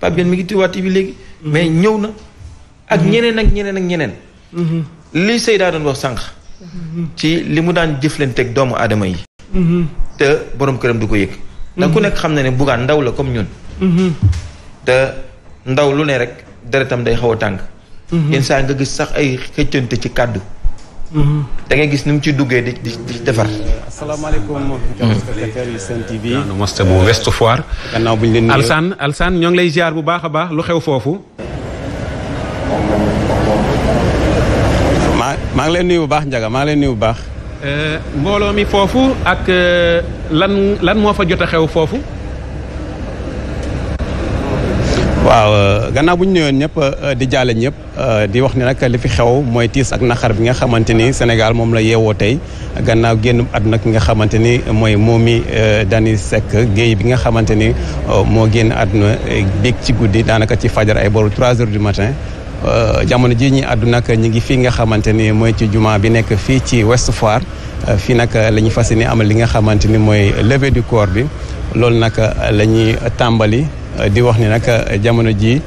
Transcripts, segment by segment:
Pape mi ngi Touba TV léegi. Mhm. mais ñëw na. ak mhm. ñeneen ak ñeneen ak ñeneen. Mhm. li daa doon wax sànq. ci li mu daan jëflanteeg doomu aadama yi. te borom këram du ko yëg. ndax ku nekk xam na ne Bougane ndaw la comme ñun. te ndaw lu ne rek deretam day xaw a tàng. yenn saa nga gis sax ay xëccante ci kàddu. da ngay gis ni mu ciy duggee di di defar. asalaamaaleykum. jërëjëf Sen TV. moste bu West Foire. bu ñu leen Alsaan Alsaan ñoo ngi lay ziar bu baax a baax lu xew foofu. maa maa ngi lay nuyu bu baax Ndiaga maa ngi leen nuyu bu baax. Euh, mbooloo mi foofu ak euh, lan lan moo fa jot a xew foofu. waaw euh, gannaaw bu ñu nuyoon ñëpp euh, di jaale ñëpp euh, di wax ni nag li fi xew mooy tiis ak naqar bi nga xamante ni Sénégal moom la yeewoo tey gannaaw génn àdduna nga xamante ni mooy Momy Dany Seck Guèye bi nga xamante ni moo génn àdduna biig ci guddi daanaka ci fajar ay boru 3 heures du jamono jii ñi àdduna ñu ngi fii nga xamante ni mooy ci jumaa bi nekk fii ci Ouest Foire fii nag la ñu fas yéene amal li nga xamante ni mooy levée du corps bi loolu nag la ñuy tàmbali. di wax ni nag jamono ji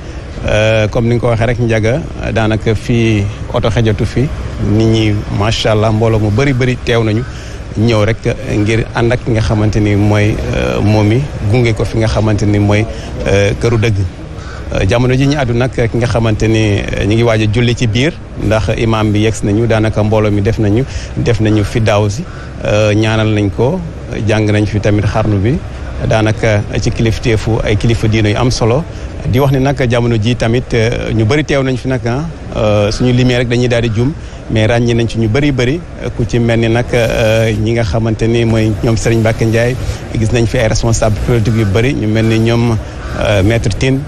euh, comme ni nga ko waxee rek njaga daanaka fii oto xejatu fi nit ñi macha allah mbooloo mu bëri bari teew nañu ñëw rek ngir ànd ak nga xamante ni mooy euh, moom mi gunge ko fi nga xamante ni mooy euh, këru dëgg jamono ji ñu àddu nag ki nga xamante ni ñu ngi waaj a julli ci biir ndax imaam bi yegg nañu daanaka mbooloo mi def nañu def nañu fi daaw si ñaanal nañ ko jàng nañ fi tamit xarnu bi daanaka ci fu ay kilifa diina yu am solo di wax ni nag jamono ji tamit euh, ñu bëri teew nañ fi nag ah suñu limee rek dañuy daal di jum mais ràññi nañ ci ñu bëri bëri ku ci mel ni nag euh, ñi nga xamante ni mooy ñoom Serigne Mbacké Ndiaye gis nañ fi ay responsable politique yu bëri ñu mel ni ñoom maître Tine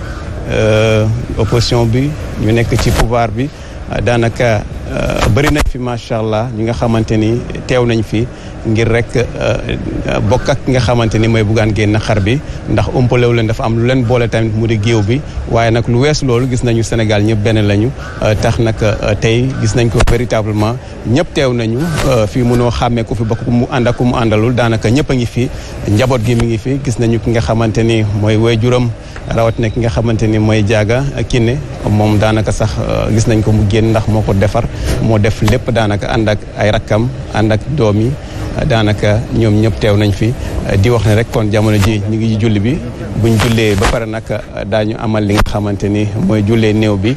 opposition bi ñu nekk ci pouvoir bi daanaka bëri nañ fi macha allah ñi nga xamante ni teew nañ fi ngir rek euh, bokk ak nga xamante ni mooy buggaan génn xar bi ndax umpalewu leen dafa am lu leen boole tamit mu di géew bi waaye nag lu wees loolu gis nañu Sénégal ñëpp beneen lañu euh, tax nag euh, tey gis nañ ko véritablement ñëpp teew nañu fii mënoo xàmmee ku fi bokk mu ànd ak mu àndalul daanaka ñëpp a ngi fi njaboot gi mi ngi fi gis nañu ki nga xamante ni mooy waajuram rawat na ki nga xamante ni mooy jaaga kinne moom daanaka sax gis nañ ko mu génn ndax moo ko defar moo def lépp daanaka ànd ak ay rakkam ànd ak doom yi daanaka ñoom ñëpp teew nañ fi di wax ne rek kon jamono ji ñu ngi julli bi buñ jullee ba pare nag daañu amal li nga xamante ni mooy jullee néew bi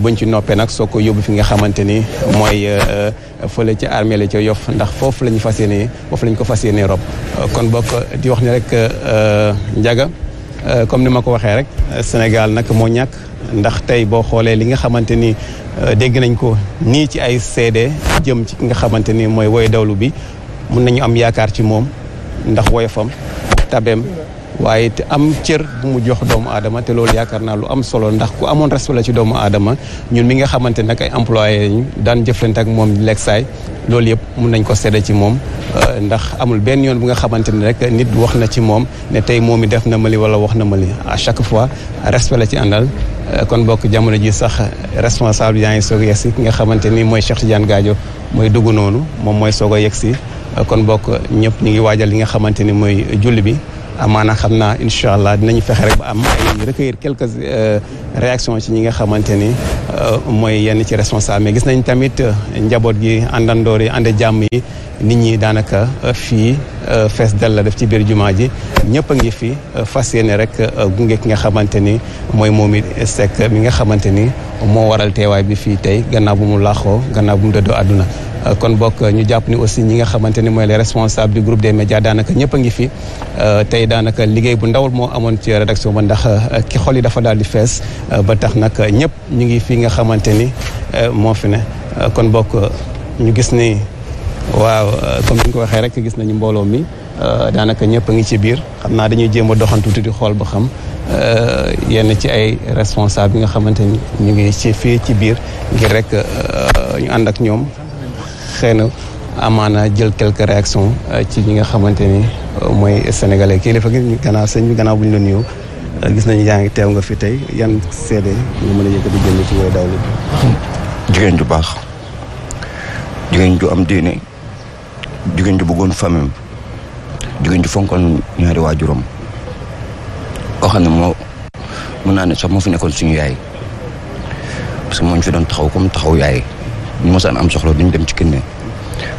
buñ ci noppee nag soo ko yóbbu fi nga xamante ni mooy fële ca armée la ca yof ndax foofu la ñu fas yéenee foofu la ko fas yéenee rob kon bokk di wax ne rek njaga comme ni ma ko waxee rek Sénégal nag moo ñàkk ndax tey boo xoolee li nga xamante ni dégg nañ ko nii ci ay seede jëm ci ki nga xamante ni mooy woy dawlu bi mun nañu am yaakaar ci moom ndax woyofam tabeem waaye te am cër bu mu jox doomu aadama te loolu yaakaar naa lu am solo ndax ku amoon respect la ci doomu aadama ñun mi nga xamante nag ay employé lañu daan jëflante ak moom lekk saay loolu yëpp mun nañ ko sedda ci moom euh, ndax amul benn yoon bu nga xamante ne rek nit wax na ci moom ne tey moom i def na mali wala wax na mali à chaque fois respect la ci àndal euh, kon bokk jamono ji sax responsable yaa ngi soog a yegsi ki nga xamante ni mooy Cheikh Tidiane Gadio mooy dugg noonu moom mooy soog a yegsi kon bokk ñëpp ñu ngi waajal li nga xamante ni mooy julli bi amaana xam naa incha allah dinañu fexe rek ba am ay recueillir quelques euh, réactions ci ñi nga xamante ni euh, mooy yenn ci responsable mais gis nañ tamit euh, njaboot gi àndandoor yi ànd jàmm yi nit ñi daanaka fii fees dal def ci biir jumaa ji ñëpp a ngi fi fas yéene rek gunge ki nga xamante ni mooy moom it Seck mi nga xamante ni moo waral teewaay bi fii tey gannaaw bu mu laaxoo gannaaw bu mu àdduna Euh, kon bokk ñu jàpp ni aussi ñi nga xamante ni mooy les responsables du groupe daanaka ñëpp ngi fi euh, tey daanaka liggéey bu ndawul moo amoon ci rédaction ba ndax euh, ki xol yi dafa daal di fees ba tax nag ñëpp ñu ngi fi nga xamante ni moo fi ne kon bokk ñu gis ni waaw comme ni nga ko waxee rek gis nañu mbooloo mi daanaka ñëpp a ngi ci biir xam naa dañuy jéem a doxantu tuuti di xool ba xam yenn ci ay responsable yi nga xamante ni ñu ngi ci fii ci biir ngir rek ñu ànd ak ñoom xëy na amaana jël quelques réactions euh, ci ñi nga xamante ni euh, mooy sénégalais kilifa gi gannaaw sëñ bi gannaaw bu ñu la nuyoo euh, gis nañu yaa ngi teew nga fi tey yan seede nga mën a yëkkati jënd ci way ju baax jigéen ju am diine jigéen ju bëggoon famille jigéen ju fonkoon ñaari waajuram koo xam ne moo mën naa ne sax moo fi nekkoon suñu yaay parce moo fi doon taxaw comme taxaw yaay ñu mosaan am soxla duñ dem ci kinne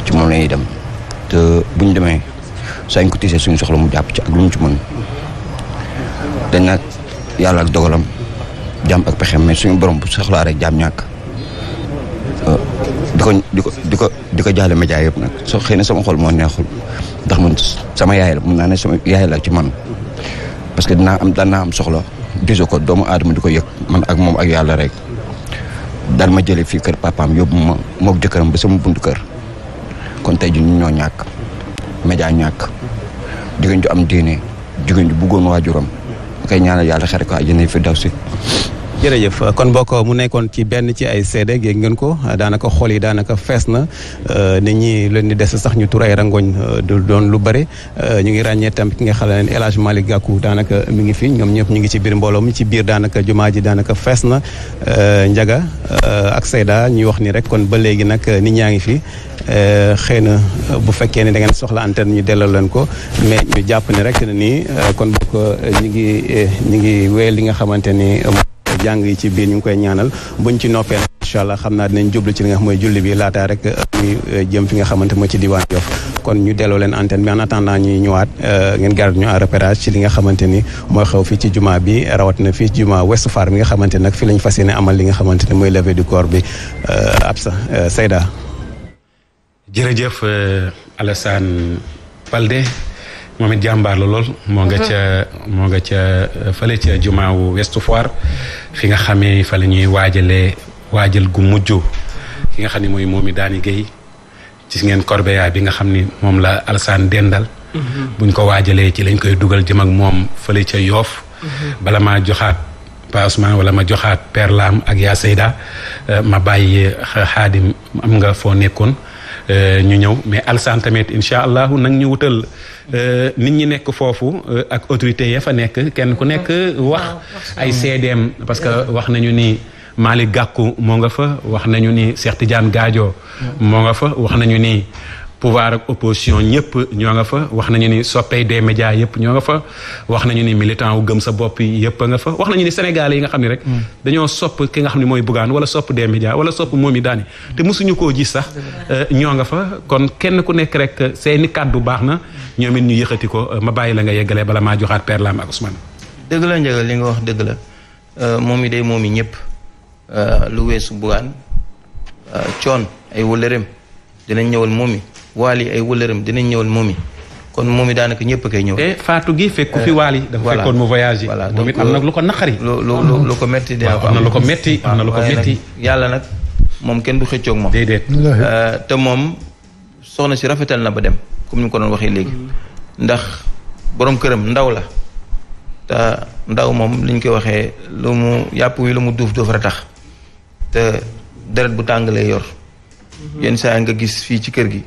ci moom lañuy ñuy dem te buñ demee saa ñu ko tisee suñu soxla mu jàpp ci ak lu mu ci mën dañ nag yàlla ak dogalam jaam ak pexem mais suñu borom bu soxlaa rek jaam ñàkk di ko di ko di ko di ko jaale média yëpp nag soo xëy na sama xol moo neexul ndax man sama yaay la mun naa ne sama yaay la ci man parce que dinaa am daan naa am soxla gisoo ko doomu aadama di ko yëg man ak moom ak yàlla rek daal ma jëlee fii kër papaam yóbbu ma moog jëkkëram ba sama buntu kër kon tey ju ñu ñoo ñàkk média ñàkk jigéen ju am diine jigéen ju bëggoon waajuram koy ñaanal yàlla xere ko àjjana fi daw si jërëjëf kon ko mu nekkoon ci benn ci ay seede géeg ngeen ko daanaka xool yi daanaka fees na euh, nit ñi leen di des sax ñu tur ay rangoñ euh, du doon lu bëri euh, ñu ngi ràññee tamit ki nga xam ne El Hadj Malick Gakou daanaka mi ngi fi ñoom ñëpp ñu ngi ci biir mbooloo ci biir daanaka jumaa ji daanaka fees na njaga ak Seyda ñuy wax ni rek kon ba léegi nag nit ñaa ngi fi xëy na bu fekkee ni da ngeen soxla antenne ñu delloo leen ko mais ñu jàpp ni rek nii kon bokk ñu ngi ñu ngi wéyal li nga xamante ni jàng yi ci biir ñu ngi koy ñaanal buñ ci noppee incha allah xam naa dinañ jublu ci li nga xam mooy julli bi laataa euh, euh, jëm fi nga xamante ci diwaan Yoff kon ñu delloo leen antenne bi en attendant ñuy ñëwaat euh, ngeen garde ñu en repérage ci li nga xamante ni mooy xew fi ci jumaa bi rawat na jumaa juma Ouest Foire mi nga xamante nag fi lañ fas yéene amal li nga xamante ni mooy levée du corps bi Absa Seyda jërëjëf Alassane Baldé moom it jàmbaar la lool. moo nga mhm. ca moo nga ca fële ca jumaawu West Foire fi nga xamee fa la ñuy waajalee waajal gu mujj ki nga xam ne mooy moom i daani géy ci ngeen corbeya bi nga xam ni moom la alsaan dendal mhm. buñ ko waajalee ci lañ koy dugal jëm ak moom fële ca yoof mhm. bala maa joxaat Pa wala ma joxaat Père ak yaa Seyda ma bàyyi xaadim am nga foo nekkoon Euh, ñu ñëw mais alsan tamit incha allahu nag ñu wutal euh, nit ñi nekk foofu euh, ak autorité ya fa nekk kenn ku nekk wax ay seedeem parce que wax nañu ni maali gàkku moo nga fa wax nañu ni Cheikh Tidiane Gadio moo nga fa wax nañu ni pouvoir ak opposition ñëpp ñoo nga fa wax nañu ni soppey des médias yëpp ñoo nga fa wax nañu ni militant wu gëm sa bopp yëpp nga fa wax nañu ni sénégalais yi nga xam ne rek dañoo sopp ki nga xam ne mooy bugaan wala sopp des médias wala sopp moom i daani te mosuñu koo gis sax euh, ñoo nga fa kon kenn ku nekk rek euh, seeni kàddu baax na ñoom it ñu yëkkati ko euh, ma bàyyi la nga yeggalee bala maa joxaat Père Lam ak Ousmane dëgg la njëgal li nga wax dëgg la moom i de moom i ñëpp lu weesu bugaan coon ay wëlëreem dinañ waali ay wëlëram dinañ ñëwal moomi kon moom mi daanaka ñëpp a koy ñëw. te eh, faatu gi fekku fi eh, waali. dafa fekkoon mu voyage voilà moom it na euh, lu ko naqari. lu lu lu lu ko metti ko am na lu ko metti yàlla nag moom kenn du xëccoog moom. déedéet. Euh, te moom soxna si rafetal na ba dem comme ni mu ko doon waxee léegi. Mm-hmm. ndax boroom këram ndaw la ndaw moom liñ koy waxee lu mu yàpp wi lu mu duuf duuf ratax tax te deret bu tàng lay yor. Mm-hmm. yenn saa nga gis fii ci kër gi.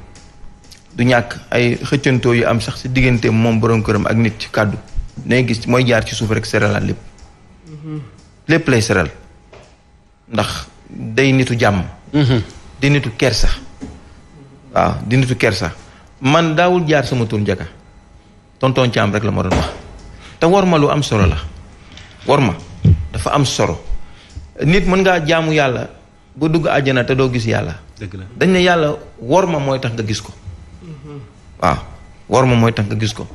du ñàkk ay xëccantoo yu am sax si diggante moom borom këram ak nit ci kàddu dangay gis mooy jaar ci suuf rek seralaat lépp mm-hmm. lépp lay seral ndax day nitu jàmm mm-hmm. di nitu kersa waaw di nitu kersa man daawul jaar sama tur njaka tonton Thiam rek la ma doon wax te war ma lu am solo la war ma dafa am solo nit mën ngaa jaamu yàlla ba dugg àjjana te doo gis yàlla dañ ne yàlla war ma mooy tax nga gis ko waaw war moom mooy tax nga gis ko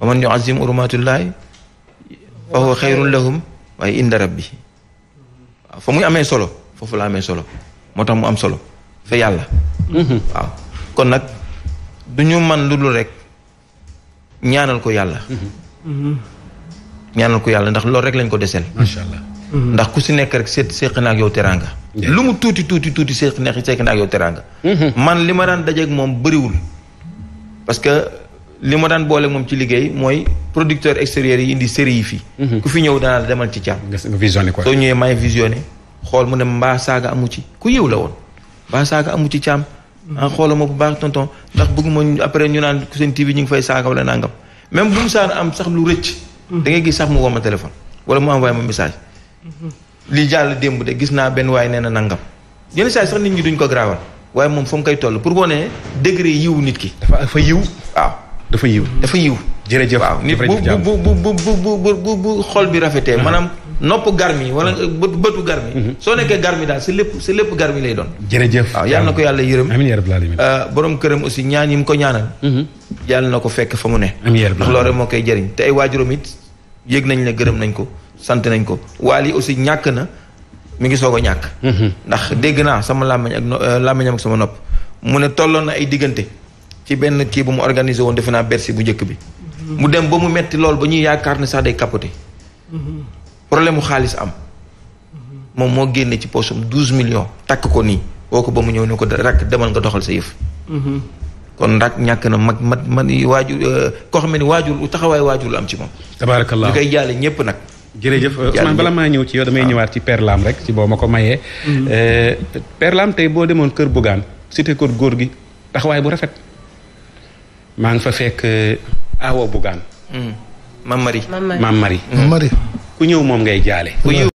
wa man yuazim urmatullahi fa huwa xayrun lahum waaye inda rabbi waaw fa muy amee solo foofu la amee solo moo tax mu am solo fa yàlla waaw kon nag du ñu man lu dul rek ñaanal ko yàlla ñaanal ko yàlla ndax loolu rek lañ ko deseel macha allah ndax ku si nekk rek seet seeq na ak yow teraanga lu mu tuuti tuuti tuuti seeq na seeq ak yow teraanga mm-hmm. man li ma daan dajeeg moom bëriwul parce que li ma daan boole moom ci liggéey mooy producteur extérieur yi indi série yi fii. Mhm. ku fi ñëw daanaka demal ci càmm. nga visionné quoi soo ñëwee may visionné xool mu ne mbaa saaga amu ci ku yëw la woon mbaa saaga amu ci càmm. ah xoolal ma bu baax tonton ndax bëgguma après ñu naan seen TV ñu ngi fay saaga wala nangam même bu mu saan am sax lu rëcc. Mhm. da ngay gis sax mu woo ma téléphone wala mu envoyé ma message. Mhm. li jàll démb de gis naa benn waaye nee na nangam yenn saa sax nit ñi duñ ko garaawal. waaye moom fa mu koy toll pour wane degré yiw nit ki. dafa fa yiw. waaw dafa yiw. dafa yiw. jërëjëf waaw nit bu bu bu bu bu bu bu xol bi rafetee. Mm-hmm. maanaam nopp garmi wala mm-hmm. bëtu garmi. Mm-hmm. soo nekkee garmi daal si lépp si lépp garmi lay doon. jërëjëf waaw na ko yàlla yërëm. amiin yaa rabbal aalamiin. Euh, borom këram aussi ñaan yi mu ko ñaanal. yàlla na ko fekk fa mu ne. amiin yaa rabbal aalamiin moo koy jariñ te ay waajuram yëg nañ ne gërëm nañ ko sant nañ ko waali aussi ñàkk na mi ngi soog a ñàkk. Mm-hmm. ndax dégg naa sama làmmiñ ak no euh, ak sama nopp mu ne tolloon na ay diggante ci benn kii bu mu organisé woon defe naa Bercy bu njëkk bi. mu dem ba mu metti lool ba ñuy yaakaar ne sax day capoter. Mm-hmm. problème mu xaalis am. Mm-hmm. moom moo génne ci poosam douze million takk ko nii woo ko ba mu ñëw ne ko rakk demal nga doxal sa yëf. kon ndax ñàkk na mag mag man waajur euh, koo xam ne waajur taxawaay waajur am ci moom. tabaarakallah ñu koy jaale ñëpp nag. jërëjëf Ousmane bala maa ñëw ci yow damay ah. ñëwaat ci perlam rek ci boo ma ko mayee. Mhm. Euh, perlam tey boo demoon kër Bougane cité kër góor gi taxawaay bu rafet maa ngi fa fekk euh, Awa Bougane. Mhm. Mam Marie Mam Marie mhm. ku ñëw moom ngay jaale.